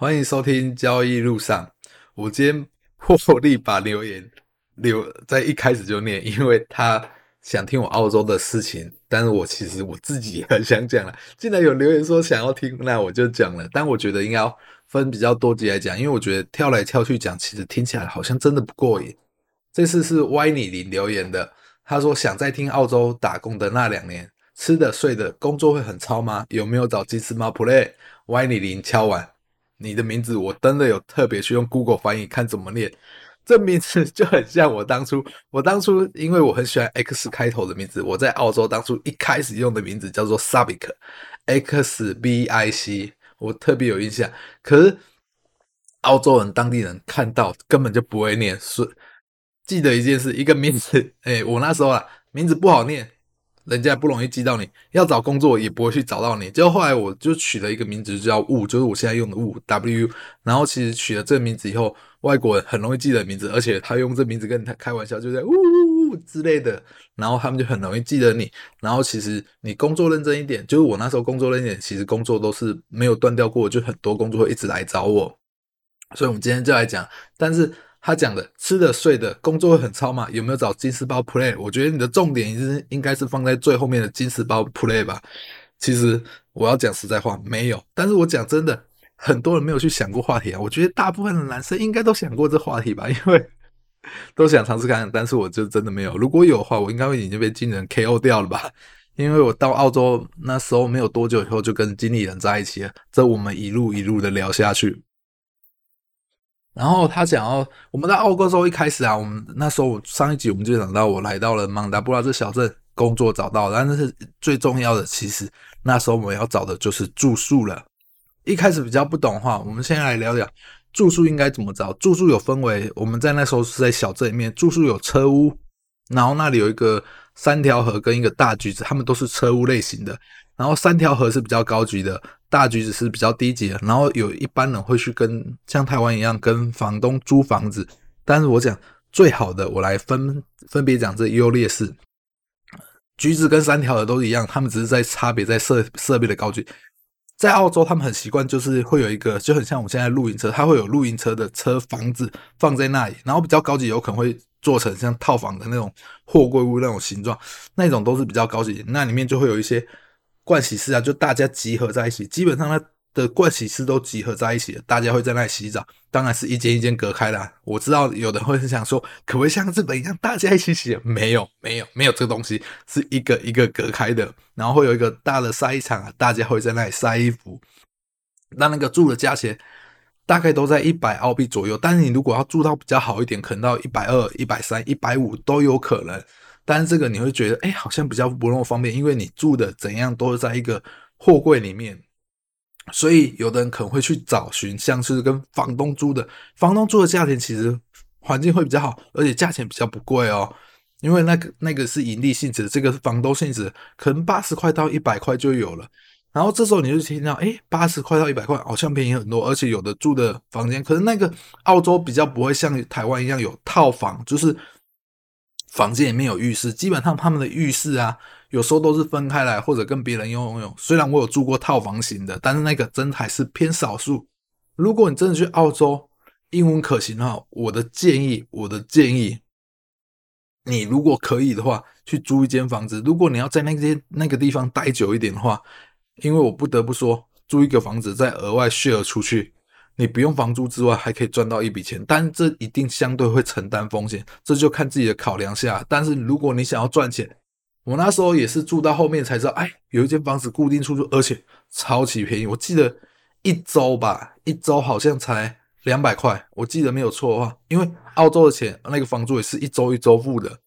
歡迎收聽交易路上。我今天破例把留言留在一開始就念，因為他想聽我澳洲的事情。但是我其實我自己也很想講了。既然有留言說想要聽，那我就講了。但我覺得應該要分比較多集來講，因為我覺得跳來跳去講，其實聽起來好像真的不過癮。這次是 Y 你零留言的，他說想再聽澳洲打工的那兩年，吃的睡的，工作會很操嗎？有沒有找雞翅貓？Play Y 你零敲碗。你的名字，我真的有特別去用 Google 翻譯看怎麼念，這名字就很像我當初。我當初因為我很喜歡 X 開頭的名字，我在澳洲當初一開始用的名字叫做 Sabic，X B I C，我特別有印象。可是澳洲人當地人看到根本就不會念，是，記得一件事，一個名字，哎、欸，我那時候啊，名字不好念。人家不容易記到你，要找工作也不會去找到你。就後來我就取了一個名字叫“霧”，就是我現在用的“霧 W”。然後其實取了這個名字以後，外國人很容易記得的名字，而且他用這個名字跟他開玩笑，就在 w 嗚”之類的，然後他們就很容易記得你。然後其實你工作認真一點，就是我那時候工作認真點，其實工作都是沒有斷掉過，就很多工作會一直來找我。所以我們今天就來講，但是。他講的吃的睡的工作會很操嗎？有沒有找金絲包 play？我覺得你的重點應該是放在最後面的金絲包 play 吧。其實我要講實在話，沒有。但是我講真的，很多人沒有去想過話題啊。我覺得大部分的男生應該都想過這話題吧，因為都想嘗試看。但是我就真的沒有。如果有的話，我應該會已經被經紀人 KO 掉了吧？因為我到澳洲那時候沒有多久以後就跟經理人在一起了。這我們一路一路的聊下去。然後他講到，我們在澳洲時候一開始啊，我們那時候上一集我們就講到，我來到了曼達布拉這小鎮工作找到，但是最重要的其實那時候我們要找的就是住宿了。一開始比較不懂的話，我們先來聊聊住宿應該怎麼找。住宿有分為，我們在那時候是在小鎮裡面，住宿有車屋，然後那裡有一個三條河跟一個大橘子，他們都是車屋類型的。然後三條河是比較高級的。大橘子是比較低級的，然後有一般人會去跟像台灣一樣跟房東租房子，但是我講最好的，我來分分別講這優劣勢。橘子跟三條的都一樣，他們只是在差別在設設備的高級。在澳洲，他們很習慣就是會有一個就很像我現在露營車，它會有露營車的車房子放在那裡，然後比較高級有可能會做成像套房的那種貨櫃屋那種形狀，那種都是比較高級，那裡面就會有一些盥洗室啊，就大家集合在一起，基本上它的盥洗室都集合在一起，大家會在那裡洗澡，當然是一間一間隔開的啊。我知道有的會是想說，可不可以像日本一樣，大家一起洗？沒有，沒有，沒有，這個東西是一個一個隔開的，然後會有一個大的曬衣場啊，大家會在那裡曬衣服。那那個住的價錢大概都在一百澳幣左右，但是你如果要住到比較好一點，可能到一百二、一百三、一百五都有可能。但是這個你會覺得，哎，好像比較不那麼方便，因為你住的怎樣都是在一個貨櫃裡面，所以有的人可能會去找尋，像是跟房東租的。房東租的價錢其實環境會比較好，而且價錢比較不貴哦，因為那個那個是盈利性質，這個是房東性質，可能八十塊到一百塊就有了。然後這時候你就聽到，哎，八十塊到一百塊，好像便宜很多，而且有的住的房間，可是那個澳洲比較不會像台灣一樣有套房，就是。房間裡面有浴室，基本上他們的浴室啊，有時候都是分開來或者跟別人用用用。雖然我有住過套房型的，但是那個真還是偏少數。如果你真的去澳洲，英文可行的話，我的建議，我的建議，你如果可以的話，去租一間房子。如果你要在那些那個地方待久一點的話，因為我不得不說，租一個房子再額外 share 出去。你不用房租之外，還可以賺到一筆錢，但這一定相對會承擔風險，這就看自己的考量下。但是如果你想要賺錢，我那時候也是住到後面才知道，哎，有一間房子固定出租，而且超級便宜。我記得一周吧，一周好像才兩百塊，我記得沒有錯的話，因為澳洲的錢那個房租也是一周一周付的。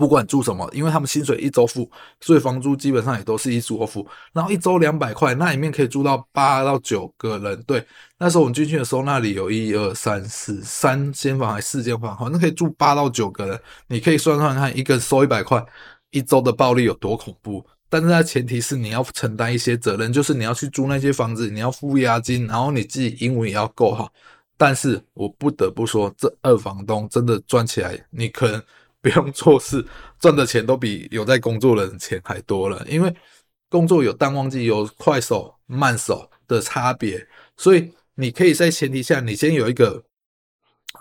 不管住什麼，因為他們薪水一周付，所以房租基本上也都是一周付。然後一周兩百塊，那裡面可以住到八到九個人。對，那時候我們進去的時候，那裡有一二三四三間房還是四間房，反正可以住八到九個人。你可以算算看，一個人收一百塊，一周的暴利有多恐怖。但是它前提是你要承擔一些責任，就是你要去租那些房子，你要付押金，然後你自己英文也要夠哈。但是我不得不說，這二房東真的賺起來，你可能。不用做事，賺的錢都比有在工作的人錢還多了，因為工作有淡旺季，有快手、慢手的差別，所以你可以在前提下，你先有一個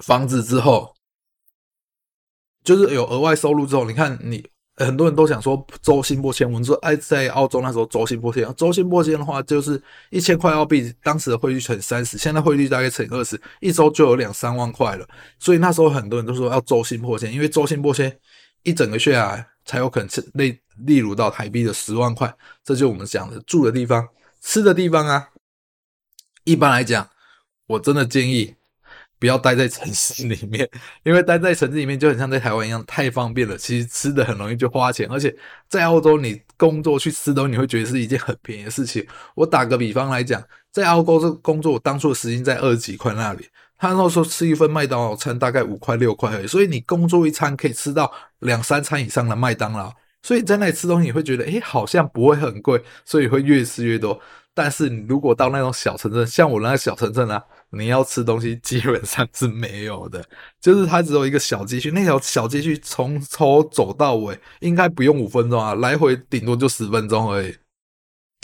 房子之後，就是有額外收入之後，你看你。很多人都想說周薪破千，我們說哎，在澳洲那時候周薪破千，周薪破千的話就是一千塊澳幣，當時的匯率乘三十，現在匯率大概乘二十，一周就有兩三萬塊了。所以那時候很多人都說要周薪破千，因為周薪破千一整個月啊才有可能是例，例如到台幣的十萬塊，這就我們講的住的地方、吃的地方啊。一般來講，我真的建議。不要待在城市裡面，因為待在城市裡面就很像在台灣一樣太方便了。其實吃的很容易就花錢，而且在澳洲你工作去吃東西，你會覺得是一件很便宜的事情。我打個比方來講，在澳洲這個工作，我當初的時薪在二十幾塊那裡，他那時候吃一份麥當勞餐大概五塊六塊而已，所以你工作一餐可以吃到兩三餐以上的麥當勞，所以在那裡吃東西你會覺得哎，好像不會很貴，所以會越吃越多。但是你如果到那種小城鎮，像我那個小城鎮啊，你要吃東西基本上是沒有的,就是它只有一個小街區，那條小街區從頭走到尾應該不用五分鐘啊，來回頂多就十分鐘而已。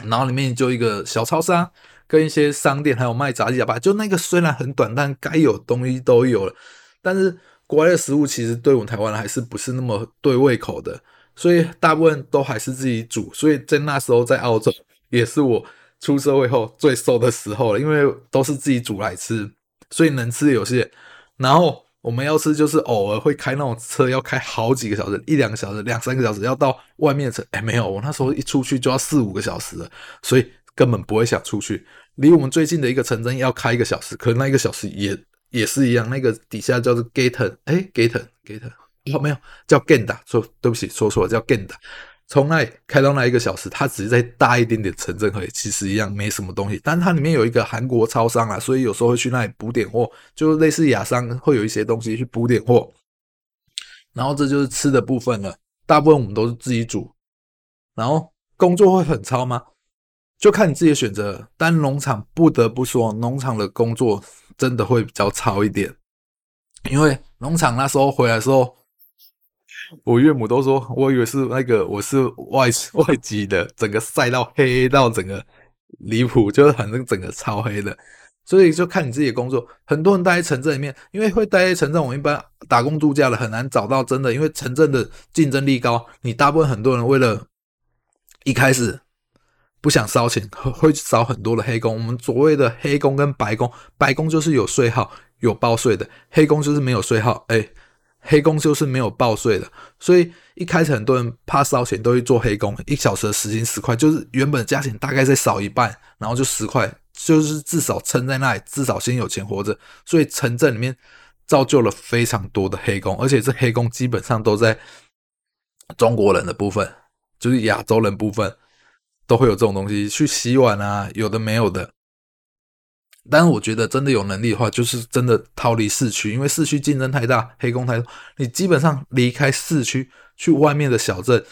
然後裡面就一個小超商，跟一些商店，還有賣炸雞啊吧，就那個雖然很短，但該有的東西都有了。但是國外的食物其實對我們台灣人還是不是那麼對胃口的，所以大部分都還是自己煮。所以在那時候在澳洲也是我。出社會後最瘦的時候了，因為都是自己煮來吃，所以能吃有些。然後我們要吃，就是偶爾會開那種車，要開好幾個小時，一兩個小時、兩三個小時，要到外面吃。哎、欸，沒有，我那時候一出去就要四五個小時了，所以根本不會想出去。離我們最近的一個城鎮要開一個小時，可那一個小時也也是一樣。那個底下叫做 Gaten，哎、欸、，Gaten，Gaten，哦，沒有，叫 Ganda，說對不起，說錯了，叫 Ganda 從那裡開到那一個小時，它只是在大一點點城鎮而已，其實一樣沒什麼東西。但它裡面有一個韓國超商啊，所以有時候會去那裡補點貨，就類似亞商會有一些東西去補點貨。然後這就是吃的部分了，大部分我們都是自己煮。然後工作會很超嗎？就看你自己的選擇。但農場不得不說，農場的工作真的會比較超一點，因為農場那時候回來的時候。我岳母都說，我以為是那個我是外外籍的，整個曬到黑到整個離譜，就是反正整個超黑的，所以就看你自己的工作。很多人待在城鎮裡面，因為會待在城鎮，我一般打工度假的很難找到真的，因為城鎮的競爭力高。你大部分很多人為了一開始不想燒錢，會去找很多的黑工。我們所謂的黑工跟白工，白工就是有稅號有報稅的，黑工就是沒有稅號。哎。黑工就是沒有報稅的，所以一開始很多人怕燒錢，都會做黑工。一小時的時薪十塊，就是原本的價錢大概再少一半，然後就十塊，就是至少撐在那裡，至少先有錢活着。所以城鎮裡面造就了非常多的黑工，而且這黑工基本上都在中國人的部分，就是亞洲人部分都會有這種東西去洗碗啊，有的沒有的。但是我覺得真的有能力的話，就是真的逃離市區，因為市區競爭太大，黑工太多。你基本上離開市區去外面的小鎮，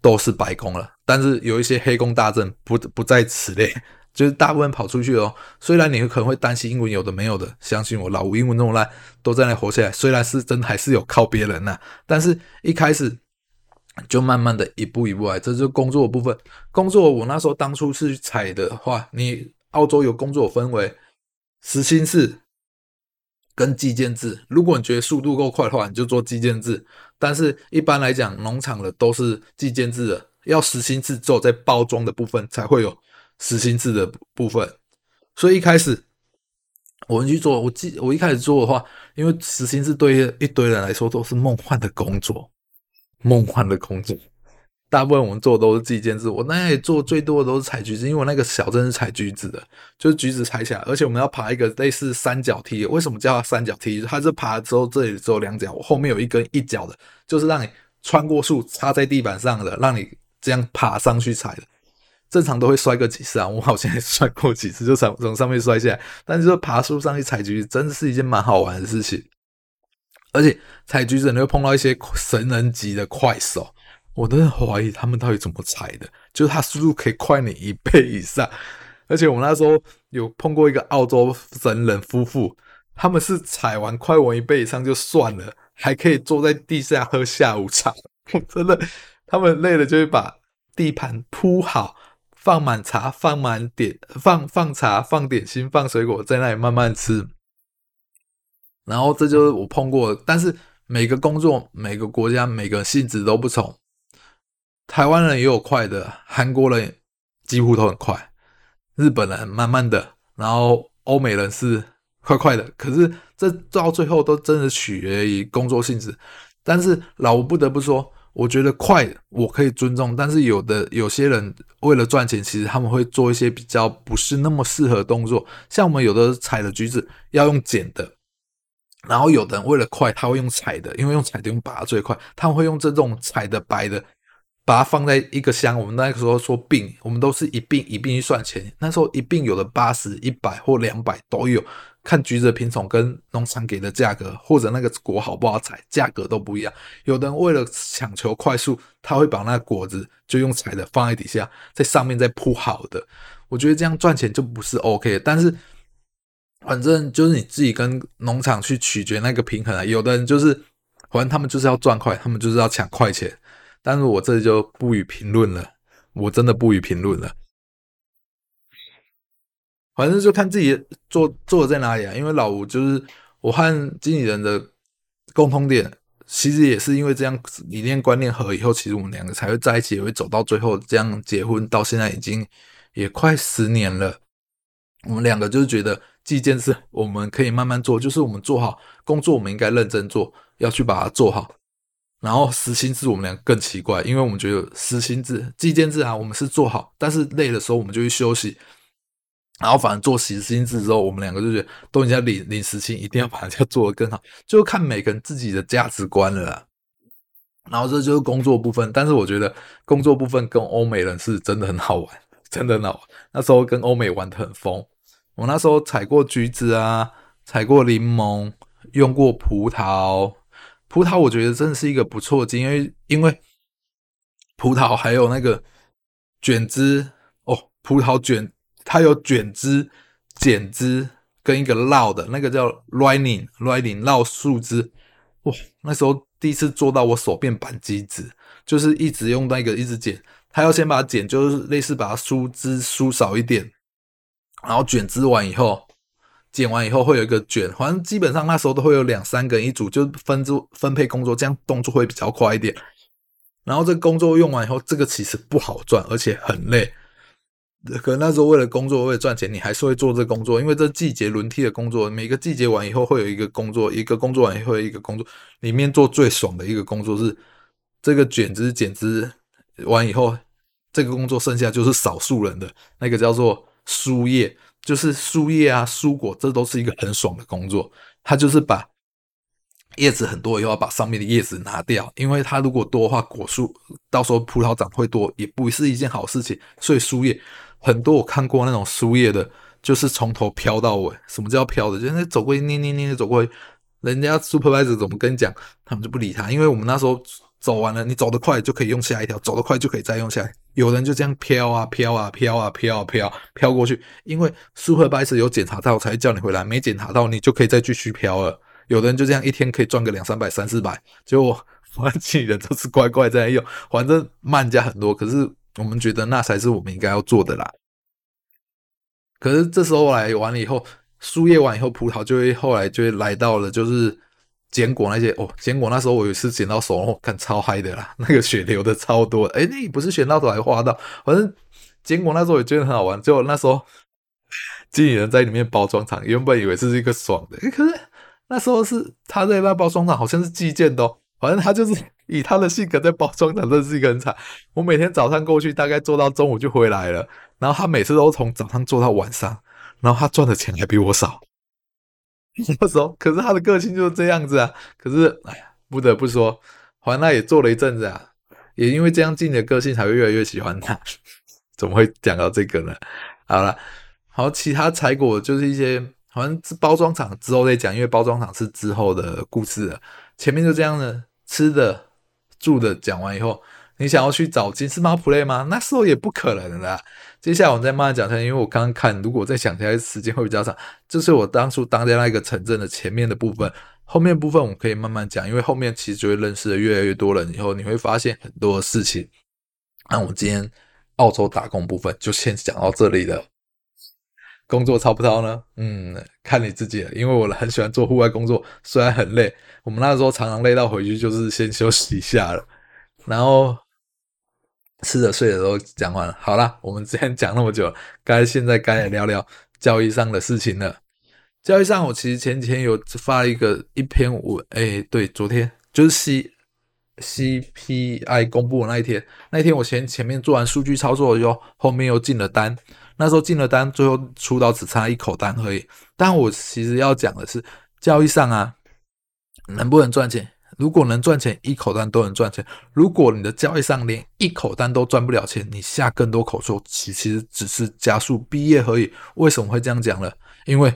都是白工了。但是有一些黑工大鎮不不在此列，就是大部分跑出去哦。雖然你可能會擔心英文有的沒有的，相信我，老吳英文那麼爛，都在那裡活下來。雖然是真的還是有靠別人吶、啊，但是一開始就慢慢的一步一步來，這就是工作的部分。工作我那時候當初是踩的話，你澳洲有工作氛圍。時薪制跟計件制，如果你覺得速度夠快的話，你就做計件制。但是一般來講，農場的都是計件制的，要時薪製作，在包裝的部分才會有時薪制的部分。所以一開始我們去做，我記我一開始做的話，因為時薪制對一堆人來說都是夢幻的工作，夢幻的工作。大部分我們做的都是計件制，我那裡做最多的都是採橘子，因為我那個小鎮是採橘子的，就是橘子採起來，而且我們要爬一個類似三角梯，為什麼叫它三角梯？就是、它是爬了之後這裡只有兩腳，我後面有一根一腳的，就是讓你穿過樹插在地板上的，讓你這樣爬上去踩的。正常都會摔個幾次啊，我好像也摔過幾次，就從從上面摔下來。但是說爬樹上去採橘子，真的是一件蠻好玩的事情，而且採橘子你會碰到一些神人級的快手。我都很懷疑他們到底怎麼踩的，就是他速度可以快你一倍以上，而且我那時候有碰過一個澳洲神人夫婦，他們是踩完快我一倍以上就算了，還可以坐在地下喝下午茶。我 真的，他們累了就會把地盤鋪好，放滿茶，放滿點，放放茶，放點心，放水果，在那裡慢慢吃。然後這就是我碰過的，但是每個工作、每個國家、每個性質都不同。台灣人也有快的，韓國人幾乎都很快，日本人慢慢的，然後歐美人是快快的。可是這到最後都真的取決於工作性質。但是老吳不得不說，我覺得快我可以尊重，但是有的有些人為了賺錢，其實他們會做一些比較不是那麼適合的動作。像我們有的採的橘子要用剪的，然後有的人為了快，他會用踩的，因為用踩的用拔的最快，他們會用這種踩的掰的。把它放在一個箱。我們那個時候說并，我們都是一并一并去算錢。那時候一并有的八十一百或兩百都有，看橘子品種跟農場給的價格，或者那個果好不好採，價格都不一樣。有的人為了搶求快速，他會把那個果子就用采的放在底下，在上面再鋪好的。我覺得這樣賺錢就不是 OK。但是反正就是你自己跟農場去取決那個平衡啊。有的人就是，反正他們就是要賺快，他們就是要搶快錢。但是我這裡就不予評論了，我真的不予評論了。反正就看自己做做的在哪裡啊。因為老吳就是我和經理人的共同點，其實也是因為這樣理念觀念合以後，其實我們兩個才會在一起，也會走到最後，這樣結婚到現在已經也快十年了。我們兩個就是覺得這件事我們可以慢慢做，就是我們做好工作，我們應該認真做，要去把它做好。然後時薪制，我們倆更奇怪，因為我們覺得時薪制、計件制啊，我們是做好，但是累的時候我們就去休息。然後反正做時薪制之後，我們兩個就覺得，都應該領領時薪，一定要把人家做得更好，就看每個人自己的價值觀了啦。然後這就是工作部分，但是我覺得工作部分跟歐美人是真的很好玩，真的很好玩。那時候跟歐美玩得很瘋，我那時候採過橘子啊，採過檸檬，用過葡萄。葡萄我覺得真的是一個不錯的經驗，因為因為葡萄還有那個捲枝哦，葡萄捲它有捲枝剪枝、跟一個繞的那個叫 lining lining 繞樹枝，哇、哦，那時候第一次做到我手變板機子，就是一直用那個一直剪，他要先把它剪，就是類似把它梳枝、梳少一點，然後捲枝完以後。剪完以後會有一個捲，反正基本上那時候都會有兩三個一組，就分支分配工作，這樣動作會比較快一點。然後這個工作用完以後，這個其實不好賺，而且很累。可能那時候為了工作，為了賺錢，你還是會做這個工作，因為這季節輪替的工作，每個季節完以後會有一個工作，一個工作完以後一個工作，裡面做最爽的一個工作是這個卷子剪枝。完以後，這個工作剩下就是少數人的那個叫做輸液。就是疏葉啊，疏果，這都是一個很爽的工作。他就是把葉子很多，又要把上面的葉子拿掉，因為他如果多的話，果樹到時候葡萄長會多，也不是一件好事情。所以疏葉很多，我看過那種疏葉的，就是從頭飄到尾，什麼叫飄的？就是走過去，捏捏捏，走過去，人家 supervisor 怎麼跟你講，他們就不理他，因為我們那時候。走完了，你走得快就可以用下一條，走得快就可以再用下一。有人就這樣飄啊飄啊飄啊飄啊飄飄、啊、過去，因為蘇荷白是有檢查到我才叫你回來，沒檢查到你就可以再繼續飄了。有的人就這樣一天可以賺個兩三百、三四百，結果我玩起的都是乖乖在用，反正慢加很多。可是我們覺得那才是我們應該要做的啦。可是這時候來完了以後，輸液完以後，葡萄就會後來就會來到了，就是。堅果那些哦，堅果那時候我有一次剪到手，哦、看超嗨的啦，那個血流的超多的。哎、欸，那你不是選到頭還花到，反正堅果那時候我也覺得很好玩。就那時候經器人在裡面包裝廠，原本以為是一個爽的，欸、可是那時候是他在那包裝廠好像是計件的、哦，反正他就是以他的性格在包裝廠真是一個很慘。我每天早上過去，大概做到中午就回來了，然後他每次都從早上做到晚上，然後他賺的錢還比我少。那時候， 可是他的個性就是這樣子啊。可是，哎呀，不得不說，好像那也做了一陣子啊，也因為這樣近的個性，才會越來越喜歡他啊。 怎麼會講到這個呢？好啦，好，其他採果就是一些，好像是包裝廠之後再講，因為包裝廠是之後的故事了。前面就這樣的，吃的、住的講完以後，你想要去找金絲貓 play 嗎？那時候也不可能的啦接下來我再慢慢講下，因為我剛剛看，如果再想起來時間會比較長。這、就是我當初當在那個城鎮的前面的部分，後面部分我們可以慢慢講，因為後面其實就會認識的越來越多人，以後你會發現很多的事情。那我們今天澳洲打工部分就先講到這裡了。工作超不超呢？嗯，看你自己了，因為我很喜歡做戶外工作，雖然很累，我們那時候常常累到回去就是先休息一下了，然後。吃的睡的都講完了，好了，我們之前講那麼久了，該現在該來聊聊交易上的事情了。交易上，我其實前幾天有發了一個一篇文，哎，欸，對，昨天就是 C C P I 公布的那一天，那一天我前前面做完數據操作又後，後面又進了單，那時候進了單，最後出到只差一口單而已。但我其實要講的是，交易上啊，能不能賺錢？如果能賺錢，一口單都能賺錢。如果你的交易上連一口單都賺不了錢，你下更多口數，其實只是加速畢業而已。為什麼會這樣講呢？因為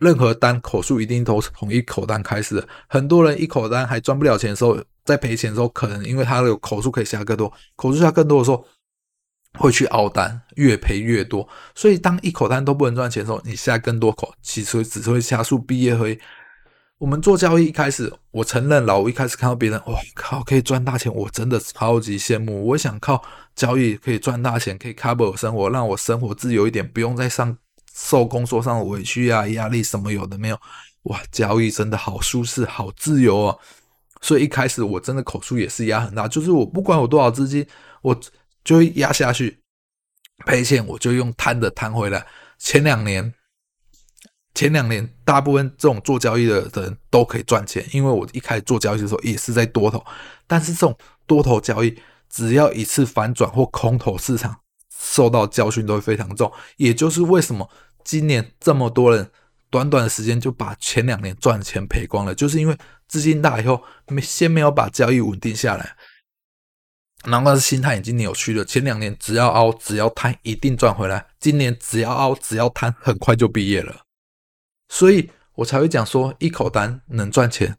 任何單口數一定都是從一口單開始的。很多人一口單還賺不了錢的時候，在賠錢的時候，可能因為他的口數可以下更多，口數下更多的時候會去拗單，越賠越多。所以當一口單都不能賺錢的時候，你下更多口，其實只是會加速畢業而已。我們做交易一開始，我承認老吳一開始看到別人，哇、哦、靠，可以賺大錢，我真的超級羨慕。我想靠交易可以賺大錢，可以 cover 我生活，讓我生活自由一點，不用再上受工作上的委屈啊、壓力什麼有的沒有。哇，交易真的好舒適，好自由哦，所以一開始我真的口數也是壓很大，就是我不管我多少資金，我就會壓下去，賠錢我就用攤的攤回來。前兩年。前兩年大部分這種做交易的人都可以賺錢，因為我一開始做交易的時候也是在多頭，但是這種多頭交易只要一次反轉或空頭市場受到教訓都會非常重，也就是為什麼今年這麼多人短短的時間就把前兩年賺錢賠光了，就是因為資金大以後沒先沒有把交易穩定下來，然後是心態已經扭曲了。前兩年只要凹只要貪一定賺回來，今年只要凹只要貪很快就畢業了。所以我才會講說一口單能賺錢，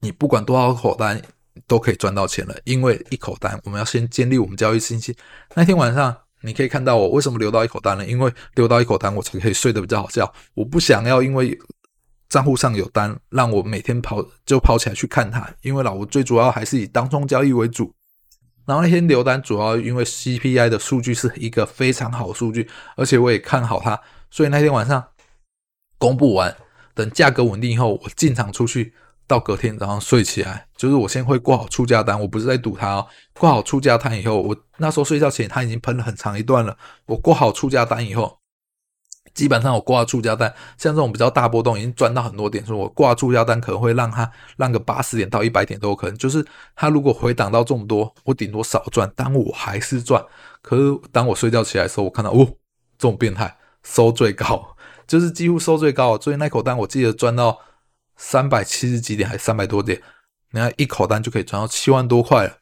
你不管多少口單都可以賺到錢了。因為一口單，我們要先建立我們交易信心。那天晚上你可以看到我為什麼留到一口單呢？因為留到一口單我才可以睡得比較好覺。我不想要因為賬戶上有單讓我每天跑，就跑起來去看它，因為老吳最主要還是以當沖交易為主。然後那天留單主要因為 CPI 的數據是一個非常好的數據，而且我也看好它，所以那天晚上。公布完，等價格穩定以後，我進場出去，到隔天早上睡起來，就是我先會掛好出價單。我不是在賭它哦，掛好出價單以後，我那時候睡覺前它已經噴了很長一段了。我掛好出價單以後，基本上我掛出價單，像這種比較大波動已經賺到很多點，所以我掛出價單可能會讓它讓個八十點到一百點都有可能。就是它如果回檔到這麼多，我頂多少賺，但我還是賺。可是當我睡覺起來的時候，我看到哦，這種變態收最高。就是幾乎收最高，所以那口單我記得賺到三百七十幾點，還是三百多點，你看一口單就可以賺到七萬多塊了。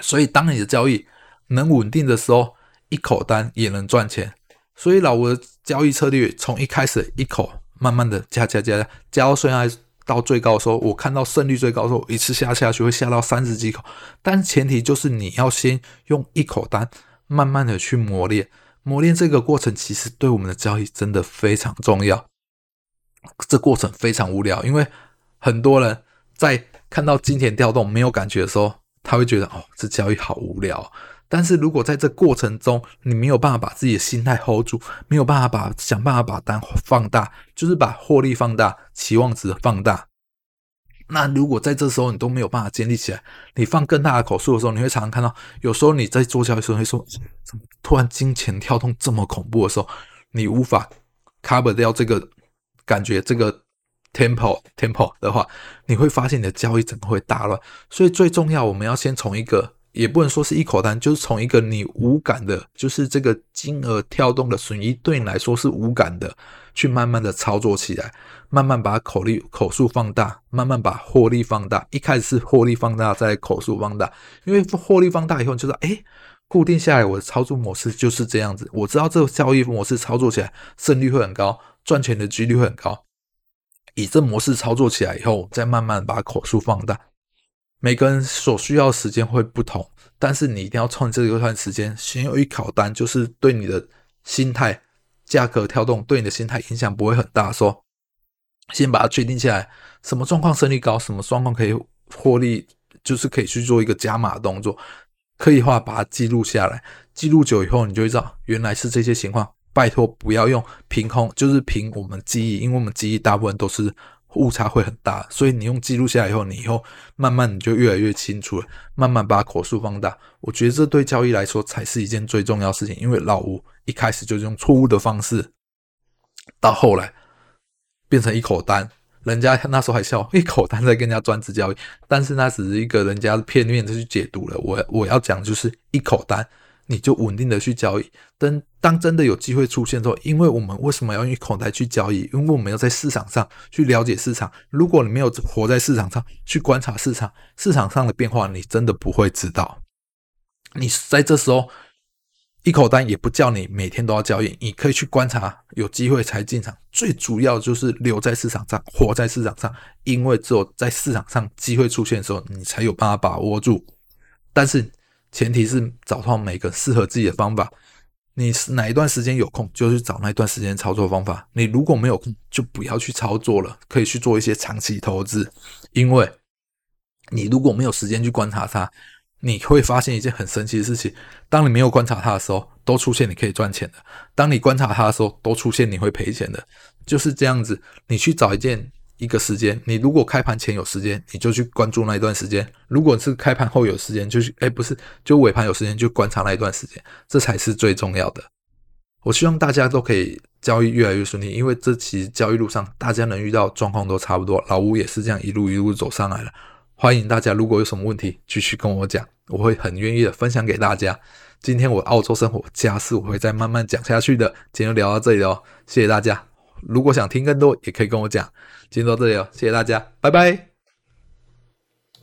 所以當你的交易能穩定的時候，一口單也能賺錢。所以老吳的交易策略從一開始一口慢慢的加加加加，加到到最高的時候，我看到勝率最高的時候，我一次下下去會下到三十幾口，但前提就是你要先用一口單慢慢的去磨練。磨練這個過程其實對我們的交易真的非常重要。這過程非常無聊，因為很多人在看到金錢調動沒有感覺的時候，他會覺得哦，這交易好無聊哦。但是如果在這過程中，你沒有辦法把自己的心態 hold 住，沒有辦法把，想辦法把單放大，就是把獲利放大，期望值放大。那如果在這時候你都沒有辦法建立起來，你放更大的口數的時候，你會常常看到，有時候你在做交易時候會說，突然金錢跳動這麼恐怖的時候，你無法 cover 掉這個感覺，這個 tempo tempo 的話，你會發現你的交易整個會大亂。所以最重要，我們要先從一個。也不能說是一口單，就是從一個你無感的，就是這個金額跳動的損益對你來說是無感的，去慢慢的操作起來，慢慢把口利口數放大，慢慢把獲利放大。一開始是獲利放大，再口數放大，因為獲利放大以後，你就知道，哎、欸，固定下來我的操作模式就是這樣子，我知道這個交易模式操作起來勝率會很高，賺錢的幾率會很高。以這模式操作起來以後，再慢慢把口數放大。每個人所需要的時間會不同，但是你一定要趁這一段時間先有一口單，就是對你的心態價格跳動對你的心態影響不會很大，說先把它確定下來，什麼狀況勝率高，什麼狀況可以獲利，就是可以去做一個加碼動作，可以的話把它記錄下來，記錄久以後你就會知道原來是這些情況。拜托不要用憑空，就是憑我們記憶，因為我們記憶大部分都是。誤差會很大，所以你用記錄下來以後，你以後慢慢你就越來越清楚了，慢慢把口數放大。我覺得這對交易來說才是一件最重要的事情，因為老吳一開始就是用錯誤的方式，到後來變成一口單，人家那時候還笑一口單在跟人家專職交易，但是那只是一個人家片面的去解讀了。我我要講就是一口單，你就穩定的去交易，等。當真的有機會出現的時候，因為我們為什麼要用一口單去交易？因為我們要在市場上去了解市場。如果你沒有活在市場上去觀察市場，市場上的變化，你真的不會知道。你在這時候一口單也不叫你每天都要交易，你可以去觀察，有機會才進場。最主要就是留在市場上，活在市場上，因為只有在市場上機會出現的時候，你才有辦法把握住。但是前提是找到每個適合自己的方法。你是哪一段時間有空，就去找那一段時間操作方法。你如果沒有空，就不要去操作了，可以去做一些長期投資。因為你如果沒有時間去觀察它，你會發現一件很神奇的事情：當你沒有觀察它的時候，都出現你可以賺錢的；當你觀察它的時候，都出現你會賠錢的。就是這樣子，你去找一件。一個時間，你如果開盤前有時間，你就去關注那一段時間；如果是開盤後有時間，就去。哎，不是，就尾盤有時間就觀察那一段時間，這才是最重要的。我希望大家都可以交易越來越順利，因為這期交易路上大家能遇到狀況都差不多。老吳也是這樣一路一路走上來了。歡迎大家，如果有什麼問題繼續跟我講，我會很願意的分享給大家。今天我澳洲生活家事我會再慢慢講下去的。今天就聊到這裡哦，謝謝大家。如果想聽更多，也可以跟我講。先到這裡了，謝謝大家，拜拜。